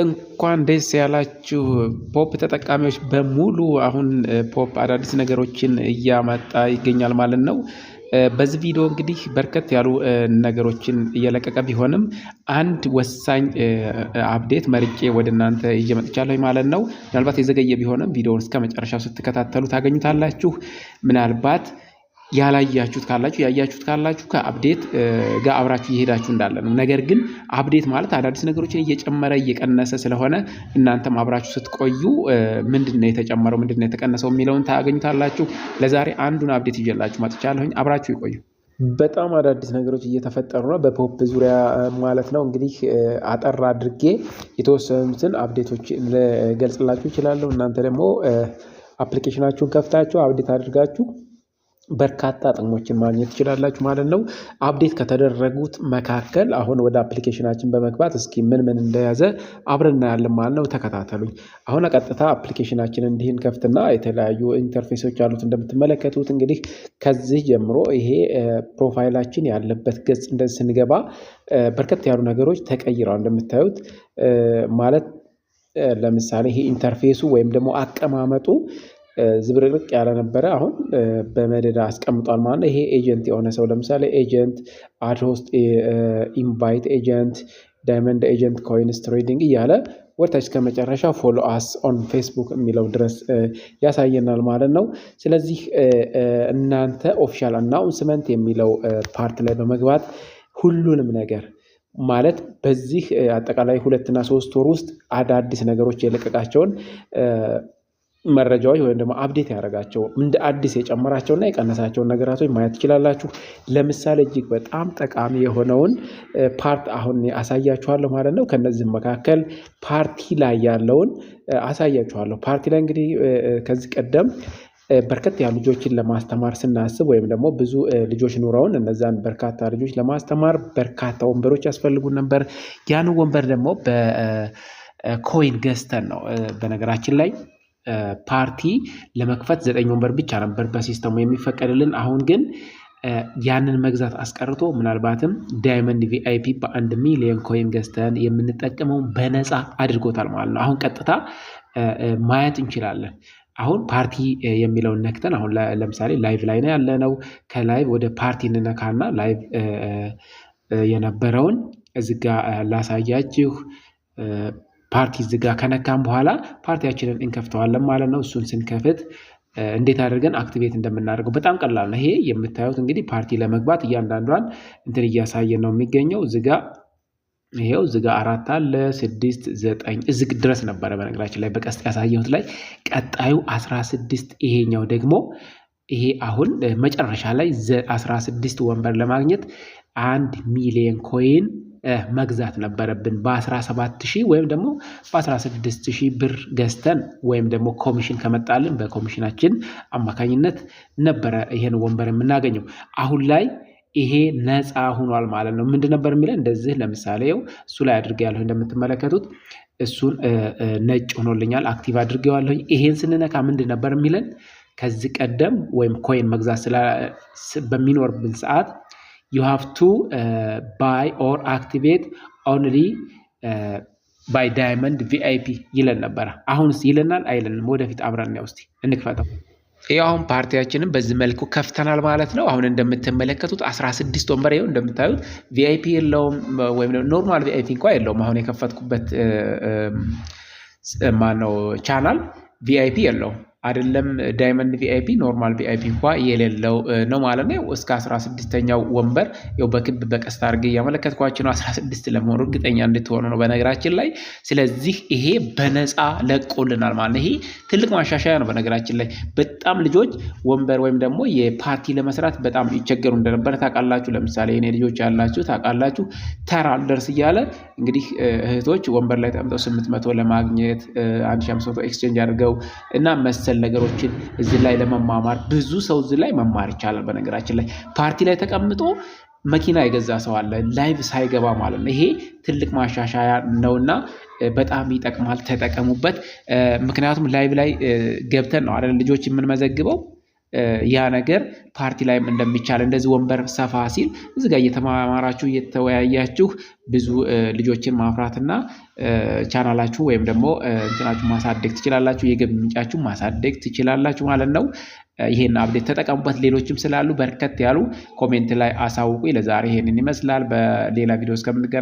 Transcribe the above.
እንኳን ደስ ያላችሁ ፖፕ ተጠቃሚዎች በሙሉ። አሁን ፖፕ አዳዲስ ነገሮችን እያመጣ ይገኛል ማለት ነው። በዚህ ቪዲዮ እንግዲህ በርከት ያሉ ነገሮችን እየለቀቀ ቢሆንም አንድ ወሳኝ አፕዴት መርጬ ወደ እናንተ እየመጥቻለሁ ማለት ነው። ምናልባት የዘገየ ቢሆንም ቪዲዮውን እስከ መጨረሻው ስትከታተሉ ታገኙታላችሁ። ምናልባት ያላያችሁት ካላችሁ ያያችሁት ካላችሁ ከአብዴት ጋር አብራችሁ እየሄዳችሁ እንዳለ ነው። ነገር ግን አብዴት ማለት አዳዲስ ነገሮችን እየጨመረ እየቀነሰ ስለሆነ እናንተም አብራችሁ ስትቆዩ ምንድን ነው የተጨመረው፣ ምንድን ነው የተቀነሰው የሚለውን ታገኙታላችሁ። ለዛሬ አንዱን አብዴት ይዤላችሁ መጥቻለሁኝ። አብራችሁ ይቆዩ። በጣም አዳዲስ ነገሮች እየተፈጠሩ ነው፣ በፖፕ ዙሪያ ማለት ነው። እንግዲህ አጠር አድርጌ የተወሰኑትን አብዴቶች ልገልጽላችሁ ይችላለሁ። እናንተ ደግሞ አፕሊኬሽናችሁን ከፍታችሁ አብዴት አድርጋችሁ በርካታ ጥቅሞችን ማግኘት ትችላላችሁ ማለት ነው። አፕዴት ከተደረጉት መካከል አሁን ወደ አፕሊኬሽናችን በመግባት እስኪ ምን ምን እንደያዘ አብረን እናያለን ማለት ነው። ተከታተሉኝ። አሁን ቀጥታ አፕሊኬሽናችን እንዲህን ከፍትና የተለያዩ ኢንተርፌሶች አሉት እንደምትመለከቱት እንግዲህ ከዚህ ጀምሮ ይሄ ፕሮፋይላችን ያለበት ገጽ እንደዚህ ስንገባ በርከት ያሉ ነገሮች ተቀይረዋል እንደምታዩት ማለት ለምሳሌ ይሄ ኢንተርፌሱ ወይም ደግሞ አቀማመጡ ዝብርቅርቅ ያለ ነበረ። አሁን በመደዳ አስቀምጧል ማለት ነው። ይሄ ኤጀንት የሆነ ሰው ለምሳሌ ኤጀንት፣ አድሆስት፣ ኢንቫይት ኤጀንት፣ ዳይመንድ ኤጀንት፣ ኮይንስ ትሬዲንግ እያለ ወደታች ከመጨረሻ ፎሎ አስ ኦን ፌስቡክ የሚለው ድረስ ያሳየናል ማለት ነው። ስለዚህ እናንተ ኦፊሻል አናውንስመንት የሚለው ፓርት ላይ በመግባት ሁሉንም ነገር ማለት በዚህ አጠቃላይ ሁለትና ሶስት ወር ውስጥ አዳዲስ ነገሮች የለቀቃቸውን መረጃዎች ወይም ደግሞ አብዴት ያደረጋቸው እንደ አዲስ የጨመራቸውና የቀነሳቸውን ነገራቶች ማየት ትችላላችሁ። ለምሳሌ እጅግ በጣም ጠቃሚ የሆነውን ፓርት አሁን አሳያችኋለሁ ማለት ነው። ከነዚህም መካከል ፓርቲ ላይ ያለውን አሳያችኋለሁ። ፓርቲ ላይ እንግዲህ ከዚህ ቀደም በርከት ያሉ ልጆችን ለማስተማር ስናስብ ወይም ደግሞ ብዙ ልጆች ኑረውን እነዛን በርካታ ልጆች ለማስተማር በርካታ ወንበሮች ያስፈልጉ ነበር። ያን ወንበር ደግሞ በኮይን ገዝተን ነው በነገራችን ላይ ፓርቲ ለመክፈት ዘጠኝ ወንበር ብቻ ነበር በሲስተሙ የሚፈቀድልን። አሁን ግን ያንን መግዛት አስቀርቶ ምናልባትም ዳይመንድ ቪአይፒ በአንድ ሚሊዮን ኮይን ገዝተን የምንጠቀመው በነፃ አድርጎታል ማለት ነው። አሁን ቀጥታ ማየት እንችላለን። አሁን ፓርቲ የሚለውን ነክተን አሁን ለምሳሌ ላይቭ ላይ ነው ያለነው። ከላይቭ ወደ ፓርቲ እንነካና ላይቭ የነበረውን እዚጋ ላሳያችሁ። ፓርቲ ዝጋ ከነካም በኋላ ፓርቲያችንን እንከፍተዋለን ማለት ነው። እሱን ስንከፍት እንዴት አድርገን አክቲቬት እንደምናደርገው በጣም ቀላል ነው። ይሄ የምታዩት እንግዲህ ፓርቲ ለመግባት እያንዳንዷን እንትን እያሳየ ነው የሚገኘው እዚህ ይሄው እዚህ አራት አለ ስድስት ዘጠኝ እዚህ ድረስ ነበረ። በነገራችን ላይ በቀስት ያሳየሁት ላይ ቀጣዩ አስራ ስድስት ይሄኛው ደግሞ ይሄ አሁን መጨረሻ ላይ 16 ወንበር ለማግኘት አንድ ሚሊዮን ኮይን መግዛት ነበረብን። በ17 ሺህ ወይም ደግሞ በ16 ሺህ ብር ገዝተን ወይም ደግሞ ኮሚሽን ከመጣልን በኮሚሽናችን አማካኝነት ነበረ ይሄን ወንበር የምናገኘው። አሁን ላይ ይሄ ነፃ ሆኗል ማለት ነው። ምንድን ነበር የሚለን እንደዚህ ለምሳሌ እሱ ላይ ያለሁ እንደምትመለከቱት እሱን ነጭ ሆኖልኛል። አክቲቭ አድርጌዋለሁ። ይሄን ስንነካ ምንድን ነበር የሚለን ከዚህ ቀደም ወይም ኮይን መግዛት በሚኖርብን ሰዓት ዩ ሃቭ ቱ ባይ ኦር አክቲቬት ኦንሊ ባይ ዳይመንድ ቪአይፒ ይለን ነበረ። አሁንስ ይለናል አይለንም? ወደፊት አብረን ያው እስኪ እንክፈተው። ይህ አሁን ፓርቲያችንን በዚህ መልኩ ከፍተናል ማለት ነው። አሁን እንደምትመለከቱት 16 ወንበር ይኸው እንደምታዩት ቪአይፒ የለውም ወይም ኖርማል ቪአይፒ እንኳ የለውም። አሁን የከፈትኩበት ማነው ቻናል ቪአይፒ የለውም። አይደለም ዳይመንድ ቪአይፒ ኖርማል ቪአይፒ እንኳ የሌለው ነው ማለት ነው። እስከ 16ኛው ወንበር ው በክብ በቀስት አድርጌ እያመለከትኳቸው ነው። 16 ለመሆኑ እርግጠኛ እንድትሆኑ ነው በነገራችን ላይ። ስለዚህ ይሄ በነፃ ለቆልናል ማለት ነው። ይሄ ትልቅ ማሻሻያ ነው በነገራችን ላይ። በጣም ልጆች ወንበር ወይም ደግሞ የፓርቲ ለመስራት በጣም ይቸገሩ እንደነበረ ታውቃላችሁ። ለምሳሌ እኔ ልጆች ያላችሁ ታውቃላችሁ። ተራ ደርስ እያለ እንግዲህ እህቶች ወንበር ላይ ተቀምጠው 800 ለማግኘት 1500 ኤክስቼንጅ አድርገው እና መሰ መሰል ነገሮችን እዚህ ላይ ለመማማር ብዙ ሰው እዚህ ላይ መማር ይቻላል። በነገራችን ላይ ፓርቲ ላይ ተቀምጦ መኪና የገዛ ሰው አለ ላይቭ ሳይገባ ማለት ነው። ይሄ ትልቅ ማሻሻያ ነውና በጣም ይጠቅማል፣ ተጠቀሙበት። ምክንያቱም ላይቭ ላይ ገብተን ነው አይደል ልጆች የምንመዘግበው ያ ነገር ፓርቲ ላይም እንደሚቻል እንደዚህ ወንበር ሰፋ ሲል እዚ ጋር እየተማማራችሁ እየተወያያችሁ ብዙ ልጆችን ማፍራትና ቻናላችሁ ወይም ደግሞ እንትናችሁ ማሳደግ ትችላላችሁ፣ የገቢ ምንጫችሁ ማሳደግ ትችላላችሁ ማለት ነው። ይሄን አብዴት ተጠቀሙበት። ሌሎችም ስላሉ በርከት ያሉ ኮሜንት ላይ አሳውቁ። ለዛሬ ይሄንን ይመስላል። በሌላ ቪዲዮ እስከምንገናኝ